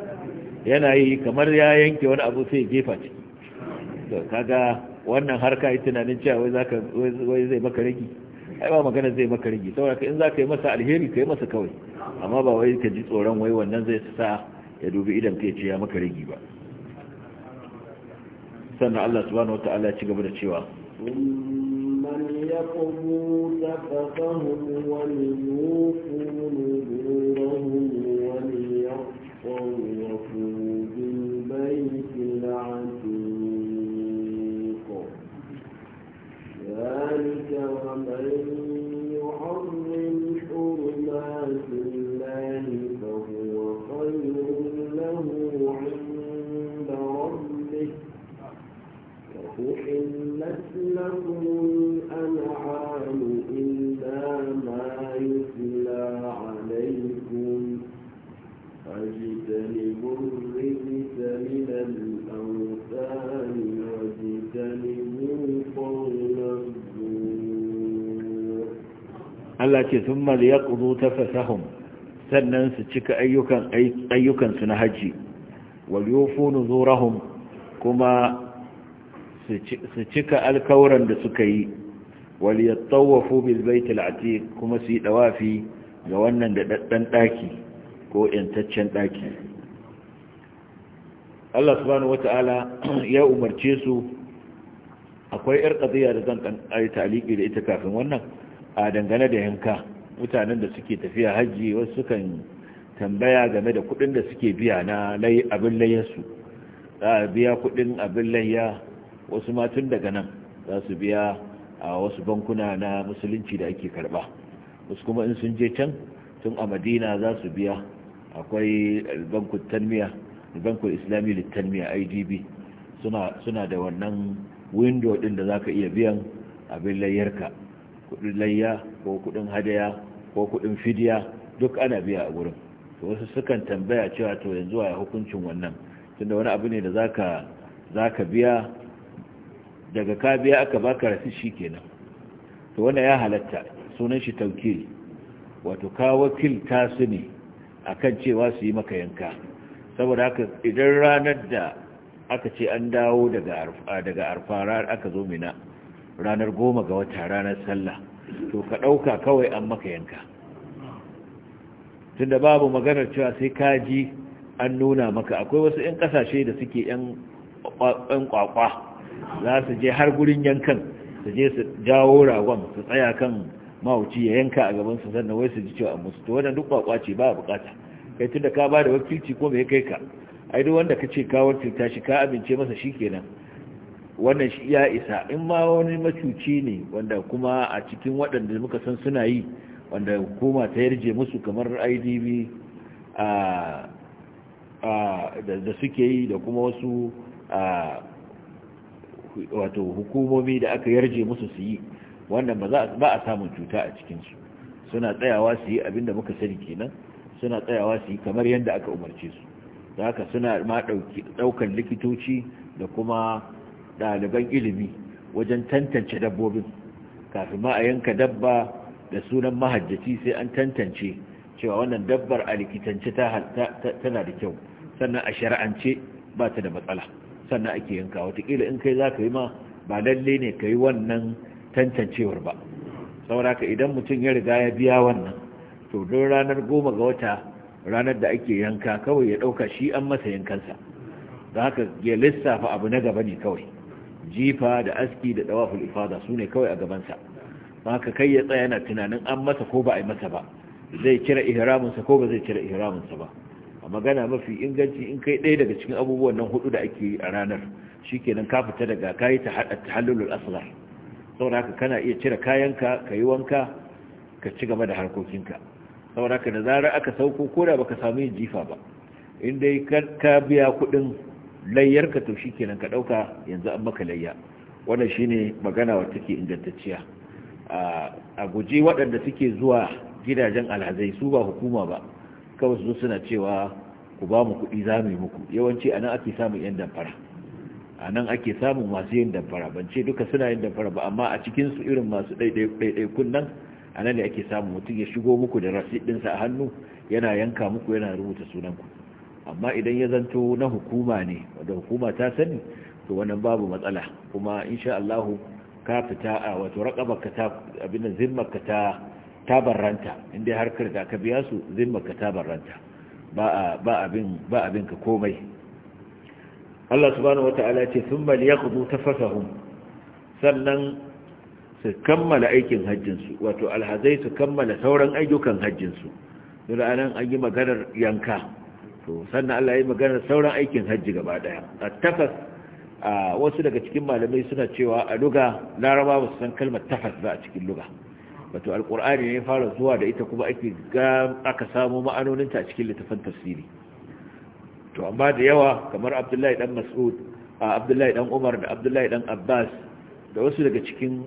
yana yi kamar ya yanke wani abu sai gefa ciki kaga wannan harka yi tunanin cewa wai zai maka rigi ai ba magana zai maka rigi saboda in za ka yi masa alheri ka yi masa kawai amma ba wai ka ji tsoron wai wannan zai sa ya dubi idan ka ce ya maka rigi ba sannan Allah subhanahu wataala ya ci gaba da cewa man yaqbu tafaqahu wa yuqulu ce sun maliya ƙudu ta fasahun sannan su cika ayyukansu na hajji waliyofonu zurahun kuma su cika alkawuran da suka yi waliyattawafu bilbaitul atiq kuma su yi dawafi ga wannan da daddan daki ko yantaccen ɗaki? Allah subhanahu ta'ala ya umarce su akwai yar qadiya da zan kan taliki da ita kafin wannan a dangane da yanka mutanen da suke tafiya hajji wasu sukan tambaya game da kudin da suke biya na abin layyarsu za a biya kudin abin layya wasu matun daga nan za su biya a wasu bankuna na musulunci da ake karba wasu kuma in sun je can tun a madina za su biya akwai bankun bankun islami littanmiya idb suna da wannan windo din da za ka iya biyan abin layyarka kuɗin layya ko kuɗin hadaya ko kuɗin fidiya duk ana biya a gurin to wasu sukan tambaya cewa to yanzu waye hukuncin wannan tunda wani abu ne da zaka zaka biya daga ka biya aka baka shi kenan to wannan ya halatta sunan shi tawkil wato ka wakilta su ne akan cewa su yi maka yanka saboda haka idan ranar da aka ce an dawo daga arfa aka zo mina ranar goma ga wata ranar sallah to ka ɗauka kawai an maka yanka tunda babu maganar cewa sai ka ji an nuna maka akwai wasu 'yan ƙasashe da suke 'yan kwakwa za su je har gurin yankan su je su jawo ragon su tsaya kan mawuci ya yanka a gaban su sannan wai su ji cewa musu to wannan duk ƙwaƙwa ce ba bukata kai tunda ka ba da wakilci ko mai kai ka ai duk wanda ka ce ka wakilta shi ka amince masa shi kenan wannan shi ya isa in ma wani macuci ne wanda kuma a cikin waɗanda muka san suna yi wanda hukuma ta yarje musu kamar idb da suke yi da kuma wasu wato hukumomi da aka yarje musu su yi wannan ba a samun cuta a cikinsu suna tsayawa su yi abinda muka sani kenan suna tsayawa su yi kamar yadda aka umarce su da haka suna ma ɗaukan likitoci da kuma ɗaliban ilimi wajen tantance dabbobin kafin ma a yanka dabba da sunan mahajjaci sai an tantance cewa wannan dabbar a likitance tana da kyau sannan a shari'ance ba ta da matsala sannan ake yanka watakila in kai za ka yi ma ba lalle ne ka yi wannan tantancewar ba sauraka idan mutum ya riga ya biya wannan to don ranar goma ga wata ranar da ake yanka kawai ya ɗauka shi an masa yankansa da haka ya lissafa abu na gaba ne kawai jifa da aski da dawaful ifada su ne kawai a gabansa haka kai ya tsaya yana tunanin an masa ko ba a yi masa ba zai cire ihraminsa ko ba zai cire ihraminsa ba a magana mafi inganci in kai ɗaya daga cikin abubuwan nan hudu da ake a ranar shi shikenan ka fita daga kayi ta tahallulul asghar saboda haka kana iya cire kayanka ka yi wanka ka ci gaba da harkokinka saboda haka da zarar aka sauko ko da baka samu yin jifa ba in dai ka biya kuɗin ka to shi kenan ka ɗauka yanzu an maka layya wannan shine magana wacce ke ingantacciya a guji waɗanda suke zuwa gidajen alhazai su ba hukuma ba kawai su suna cewa ku ba mu kuɗi za mu yi muku yawanci a nan ake samun yan damfara a nan ake samun masu yin damfara ban ce duka suna yin damfara ba amma a cikin su irin masu ɗaiɗaikun kunnan a nan ne ake samun mutum ya shigo muku da rasiɗinsa a hannu yana yanka muku yana rubuta sunanku amma idan ya zanto na hukuma ne wanda hukuma ta sani to wannan babu matsala kuma insha Allah ka fita a wato raqabarka ta abin zimmarka ta tabarranta inda har karta ka biya su zimmarka tabarranta ba ba abin ba abin ka komai Allah subhanahu wataala ya ce thumma liyaqdu tafasahum sannan su kammala aikin hajjinsu wato alhazai su kammala sauran ayyukan hajjinsu dole anan an yi maganar yanka to sannan Allah ya yi magana sauran aikin hajji gaba daya a tafas a wasu daga cikin malamai suna cewa a luga laraba ba su san kalmar tafas ba a cikin luga wato alkur'ani ne fara zuwa da ita kuma ake ga aka samu ma'anoninta a cikin littafin tafsiri to amma da yawa kamar abdullahi dan mas'ud abdullahi dan umar da abdullahi dan abbas da wasu daga cikin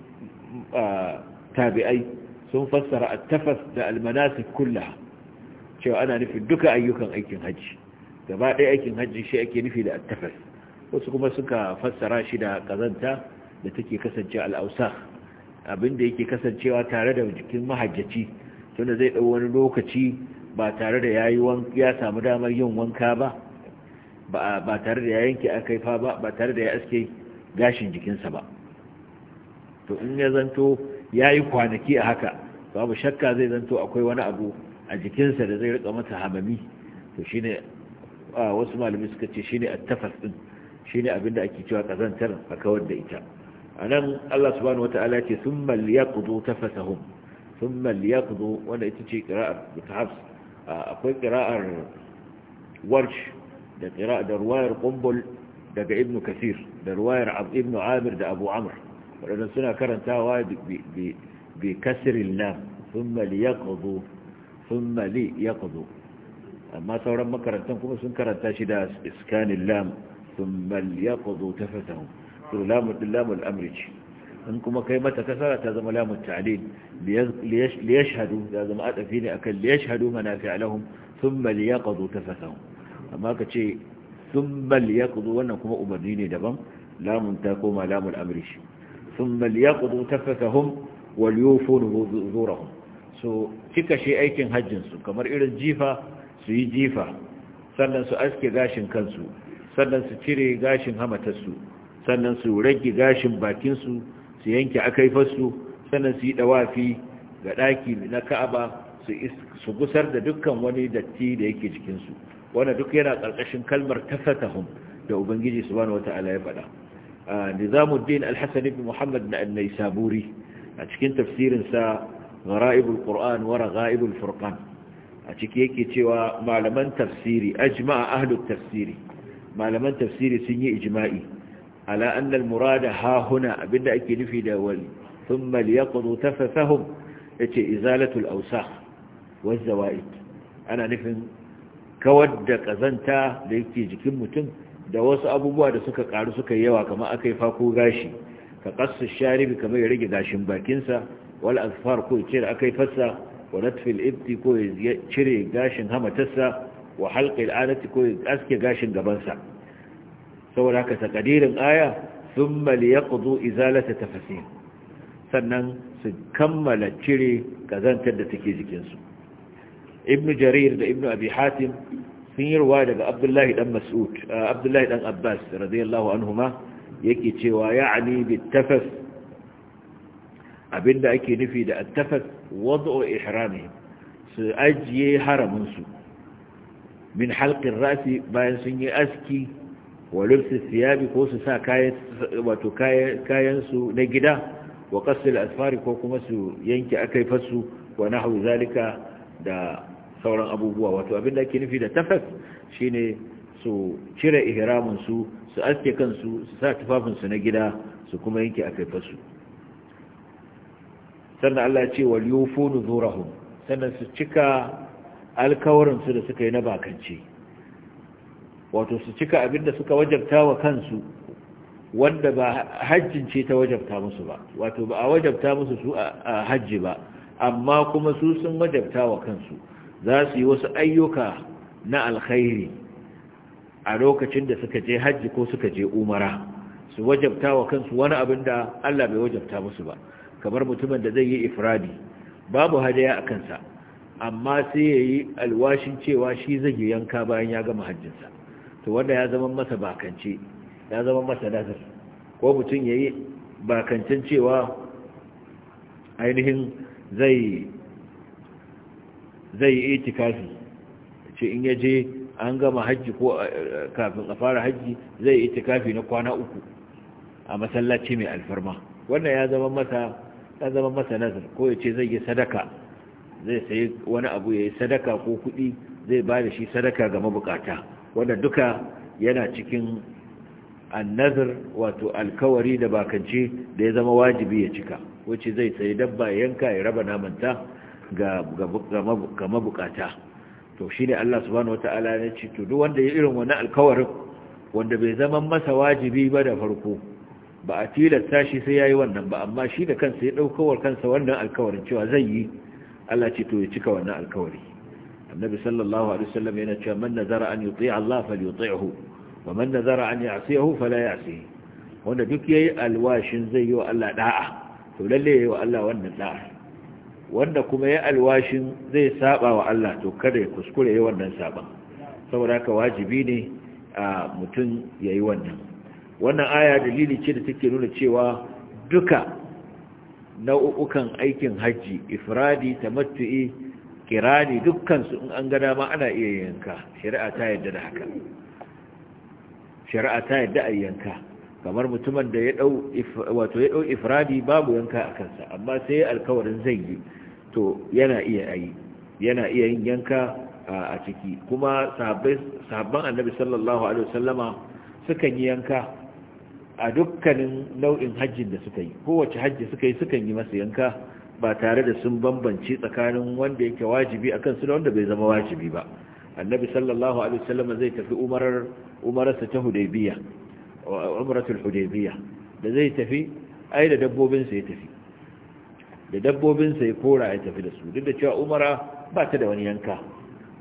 tabi'ai sun fassara at-tafas da al-manasik cewa ana nufin duka ayyukan aikin hajji gaba ɗaya aikin hajji shi ake nufi da attafas wasu kuma suka fassara shi da kazanta da take kasance al'ausa abinda yake kasancewa tare da jikin mahajjaci tunda zai ɗau wani lokaci ba tare da ya samu damar yin wanka ba ba tare da ya yanke akaifa ba ba tare da ya aske gashin jikinsa ba to in ya zanto ya yi kwanaki a haka babu shakka zai zanto akwai wani abu a jikinsa da zai rika mata hamami to shine wasu malami suka ce shi ne a shine ɗin, shi ne abinda ake cewa kazantar a kawar da ita A nan, Allah subhanahu wataala ce sun thumma liyaqdu tafasahum thumma liyaqdu wanda ita ce qira'ar mutahafs akwai kira'ar warsh da qira'a da ruwayar qumbul daga ibn kasir da ruwayar ibn amir da abu amr wadanda suna karantawa bi kasrin lam thumma liyaqdu thumma li yaqdu amma sauran makarantan kuma sun karanta shi da iskanin lam thumma li yaqdu tafatahu to lamu lamul amri ce in kuma kai mata kasara ta zama lamun ta'lil li yashhadu da zama adafi ne akan li yashhadu manafi'a lahum thumma li yaqdu tafatahu amma ka ce thumma li yaqdu wannan kuma umarni ne daban lamun ta koma lamul amri shi thumma li yaqdu tafatahum wal yufu nuzurahum su cika shi aikin hajjinsu kamar irin jifa su yi jifa sannan su aske gashin kansu sannan su cire gashin hamatarsu sannan su rage gashin bakinsu su yanke akaifarsu sannan su yi dawafi ga ɗaki na ka'aba su gusar da dukkan wani datti da yake jikinsu wanda duk yana ƙarƙashin kalmar tafatahum da ubangiji su bani wata ala ya faɗa nizamuddin alhassan ibn muhammad na saburi a cikin tafsirinsa ghara'ibul qur'an wa raghaibul furqan a ciki yake cewa malaman tafsiri ajma'a ahlut tafsiri malaman tafsiri sun yi ijma'i ala anna al-murada ha huna abinda ake nufi da wal thumma liyaqdu tafathahum yace izalatul awsakh waz zawaid ana nufin kawar da kazanta da yake jikin mutum da wasu abubuwa da suka karu suka yawa kamar akai ko gashi ka qassu sharibi kamar ya rage gashin bakinsa wal azfar ko cire akai fassa wa natfil ibti ko cire gashin hamatarsa wa halqil anati ko aske gashin gabansa saboda haka takadirin aya thumma liyaqdu izalata tafasin sannan su kammala cire kazantar da take jikinsu ibnu jarir da ibnu abi hatim sun yi ruwa daga abdullahi dan mas'ud abdullahi dan abbas radiyallahu anhuma yake cewa ya'ni bitafas abinda ake nufi da attafat wad'u ihrami su ajiye haraminsu su min halqin ra'si bayan sun yi aski wa lubsi thiyabi ko su sa kayan wato kayan su na gida wa qasl asfar ko kuma su yanke akai fasu wa nahu zalika da sauran abubuwa wato abinda ake nufi da tafas shine su cire ihramin su su aske kansu su sa tufafinsu na gida su kuma yanke akai fasu sannan Allah ce wal yufu nuzurahum sannan su cika alkawarin da suka yi na bakance wato su cika abinda suka wajabta wa kansu wanda ba hajjin ce ta wajabta musu ba wato ba a wajabta musu su a hajji ba amma kuma su sun wajabta wa kansu za su yi wasu ayyuka na alkhairi a lokacin da suka je hajji ko suka je umara su wajabta wa kansu wani abin da Allah bai wajabta musu ba kamar mutumin da zai yi ifradi babu hadaya a kansa amma sai ya yi alwashin cewa shi zai yanka bayan ya gama hajjinsa to wanda ya zama masa bakance ya zama masa nazar ko mutum ya yi bakancin cewa ainihin zai yi itikafi ce in ya je an gama hajji ko eh, eh, kafin a fara hajji zai yi itikafi na kwana uku a masallaci mai alfarma wannan ya zama masa ya zama masa nazar ko ya ce zai yi sadaka zai sayi wani abu ya yi sadaka ko kuɗi zai ba da shi sadaka ga mabukata wanda duka yana cikin annazar wato alkawari da bakance da ya zama wajibi ya cika ce zai sayi dabba yanka ya raba namanta ga mabukata to shi ne Allah subhanahu wata'ala ya ce to duk wanda ya irin wani alkawarin wanda bai zama masa wajibi ba da farko ba a tilasta shi sai ya yi wannan ba amma shi da kansa ya ɗaukowar kansa wannan alkawarin cewa zai yi Allah ce to ya cika wannan alkawari annabi sallallahu alaihi wasallam yana cewa man nazara an yuti Allah fa falyuti'hu wa man nazara an ya'sihi fala ya'sihi wanda duk yayi alwashin zai yi wa Allah da'a to lalle yayi wa Allah wannan da'a wanda kuma ya alwashin zai saba wa Allah to kada ya kuskure yayi wannan saban saboda haka wajibi ne a mutum yayi wannan wannan aya dalili ce da take nuna cewa duka nau'ukan aikin hajji ifradi tamattu'i kirani dukkan su in an ga dama ana iya yanka shari'a ta yadda da haka shari'a ta yadda a yanka kamar mutumin da ya dau wato ya dau ifradi babu yanka a kansa amma sai alkawarin zai yi to yana iya yi yana iya yin yanka a ciki kuma sahabban annabi sallallahu alaihi wasallama sukan yi yanka a dukkanin nau'in hajjin da suka yi kowace hajji suka yi sukan yi masa yanka ba tare da sun bambanci tsakanin wanda yake wajibi akan su da wanda bai zama wajibi ba annabi sallallahu alaihi wasallam zai tafi umarar umararsa ta hudaybiya umratul hudaybiya da zai tafi ai da dabbobin sa ya tafi da dabbobin sa ya kora ya tafi da su duk da cewa umara ba ta da wani yanka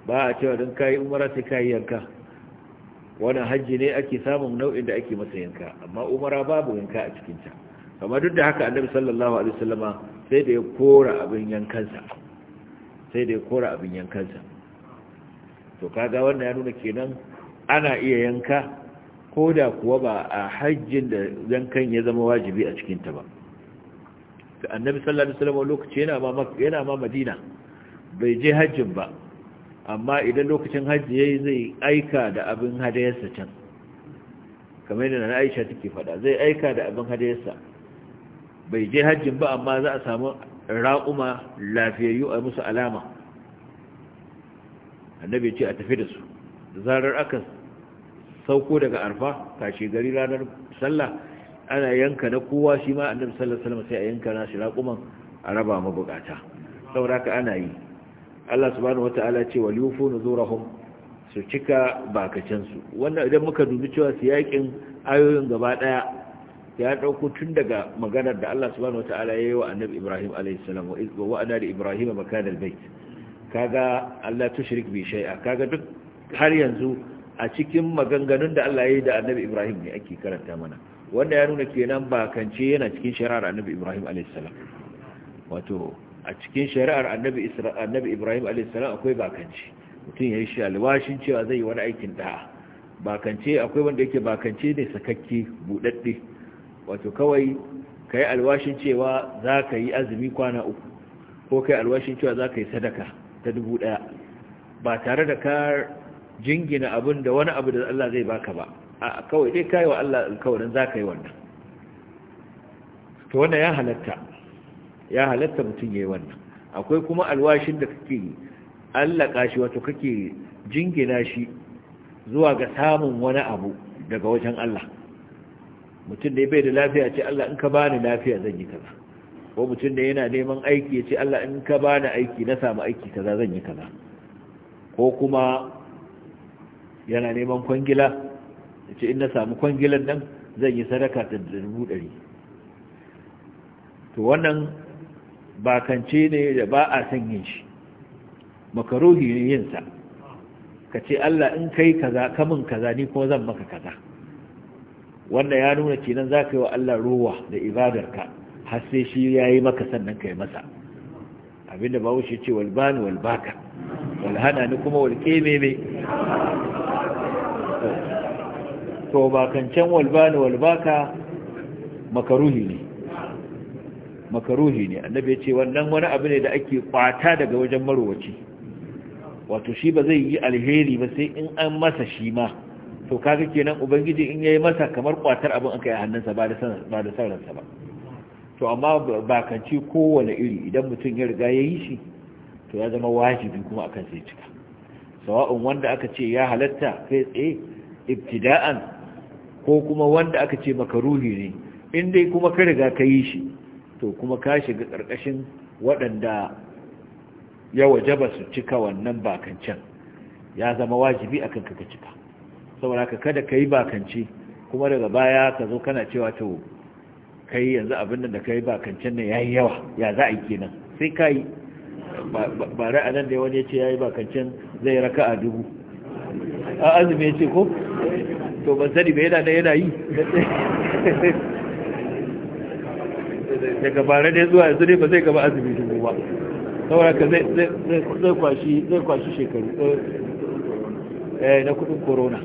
ba a cewa don kai umara sai kai yanka wani hajji ne ake samun nau'in da ake masa yanka amma umara babu yanka a cikinta amma duk da haka annabi sallallahu alaihi wasallam sai da ya kora abin yankansa sai da ya kora abin yankansa to kaga wannan ya nuna kenan ana iya yanka ko da kuwa ba a hajjin da yankan ya zama wajibi a cikinta ba annabi sallallahu alaihi wasallam lokaci yana ma yana ma madina bai je hajjin ba amma idan lokacin hajji yayi zai aika da abin hadayarsa can kamar yadda na Aisha take fada zai aika da abin hadayarsa bai je hajjin ba amma za a samu raƙuma lafiyayyu a musu alama annabi ce a tafi da su da zarar aka sauko daga arfa kashe gari ranar sallah ana yanka na kowa shi ma annabi sallar alaihi sai a yanka na shi raƙuman a raba mabukata sauraka ana yi Allah subhanahu wata'ala ce wal yufu nuzurahum su cika bakacin su wannan idan muka dubi cewa siyakin ayoyin gaba daya ya dauko tun daga maganar da Allah subhanahu wata'ala ya yi wa Annabi Ibrahim alayhi salam wa wa'ada li Ibrahim makan albayt kaga Allah tushrik bi shay'a kaga duk har yanzu a cikin maganganun da Allah ya yi da Annabi Ibrahim ne ake karanta mana wanda ya nuna kenan bakance yana cikin shari'ar Annabi Ibrahim alayhi salam wato a cikin shari'ar annabi annabi Ibrahim A.S. akwai bakanci mutum ya yi shi alwashin cewa zai yi wani aikin da'a bakance akwai wanda yake bakance ne sakakke budadde wato kawai ka yi alwashin cewa za ka yi azumi kwana uku ko kai alwashin cewa za ka yi sadaka ta dubu daya ba tare da ka jingina abin da wani abu da Allah zai baka ba a kawai dai kai wa Allah alkawarin za ka yi wannan to wannan ya halatta ya halatta mutum ya yi wannan akwai kuma alwashin da kake allaka shi wato kake jingina shi zuwa ga samun wani abu daga wajen Allah mutum da ya bai da lafiya ce Allah in ka bani lafiya zan yi kaza ko mutum da yana neman aiki ya ce Allah in ka bani aiki na samu aiki kaza zan yi kaza ko kuma yana neman kwangila ya ce in na samu kwangilan nan zan yi sadaka ta dubu ɗari to wannan bakance ne da ba a son yin shi makaruhi ne yinsa ka ce Allah in kai kaza kamun kaza ni kuma zan maka kaza wanda ya nuna kenan za ka yi wa Allah ruwa da ibadarka har sai shi ya yi maka sannan ka yi masa abinda ba wuce ce walbani walbaka walhana ni kuma walke meme to bakancen walbani walbaka makaruhi ne makaruhi ne annabi ya ce wannan wani abu ne da ake kwata daga wajen marowaci wato shi ba zai yi alheri ba sai in an masa shi ma to kaga kenan ubangiji in yayi masa kamar kwatar abin aka yi hannunsa ba da sanar ba da sauransa ba to amma ba kan ci kowane iri idan mutum ya riga yayi shi to ya zama wajibi kuma akan sai cika sawa'un wanda aka ce ya halatta kai tsaye ibtida'an ko kuma wanda aka ce makaruhi ne in dai kuma ka riga ka yi shi to kuma ka shiga ƙarƙashin waɗanda ya wajaba su cika wannan bakancan ya zama wajibi akan ka cika saboda ka kada ka yi bakanci kuma daga baya ka zo kana cewa to kai yanzu abin da ka yi bakancan ne ya yi yawa ya za a yi kenan sai ka yi ba ra'a nan da wani ya ce ya yi bakancan zai raka a dubu a azumi ya ce ko to ban sani ba yana da yana yi daga bare dai zuwa yanzu ne ba zai gaba azumi shi ba saboda ka zai kwashi shekaru eh, eh, na kudin corona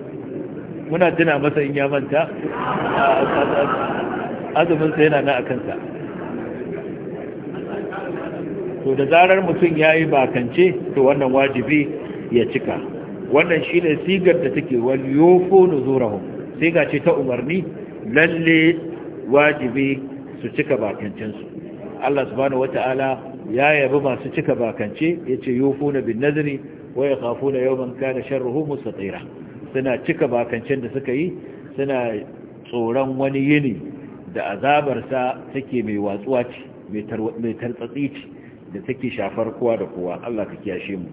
muna tuna masa in ya manta azumin sa yana na akan sa to da zarar mutum yayi bakance to wannan wajibi ya cika wannan shine sigar da take wal yufo nuzurahum siga ce ta umarni lalle wajibi su cika bakancinsu Allah subhanahu wata'ala ya yabi masu cika bakance yace yufuna bin nazri wa yakhafuna yawman kana sharruhu mustatira suna cika bakancin da suka yi suna tsoron wani yini da azabar sa take mai watsuwa ce mai tartsatsi ce da take shafar kowa da kowa Allah ka kiyashe mu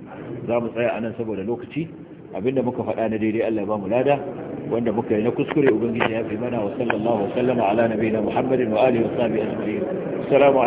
za mu tsaya anan saboda lokaci abinda muka faɗa na daidai Allah ya ba mu lada wanda muka yi na kuskure ubangiji ya fi mana wa sallallahu wa sallama ala nabiyina muhammadin wa alihi wa sahbihi ajma'in assalamu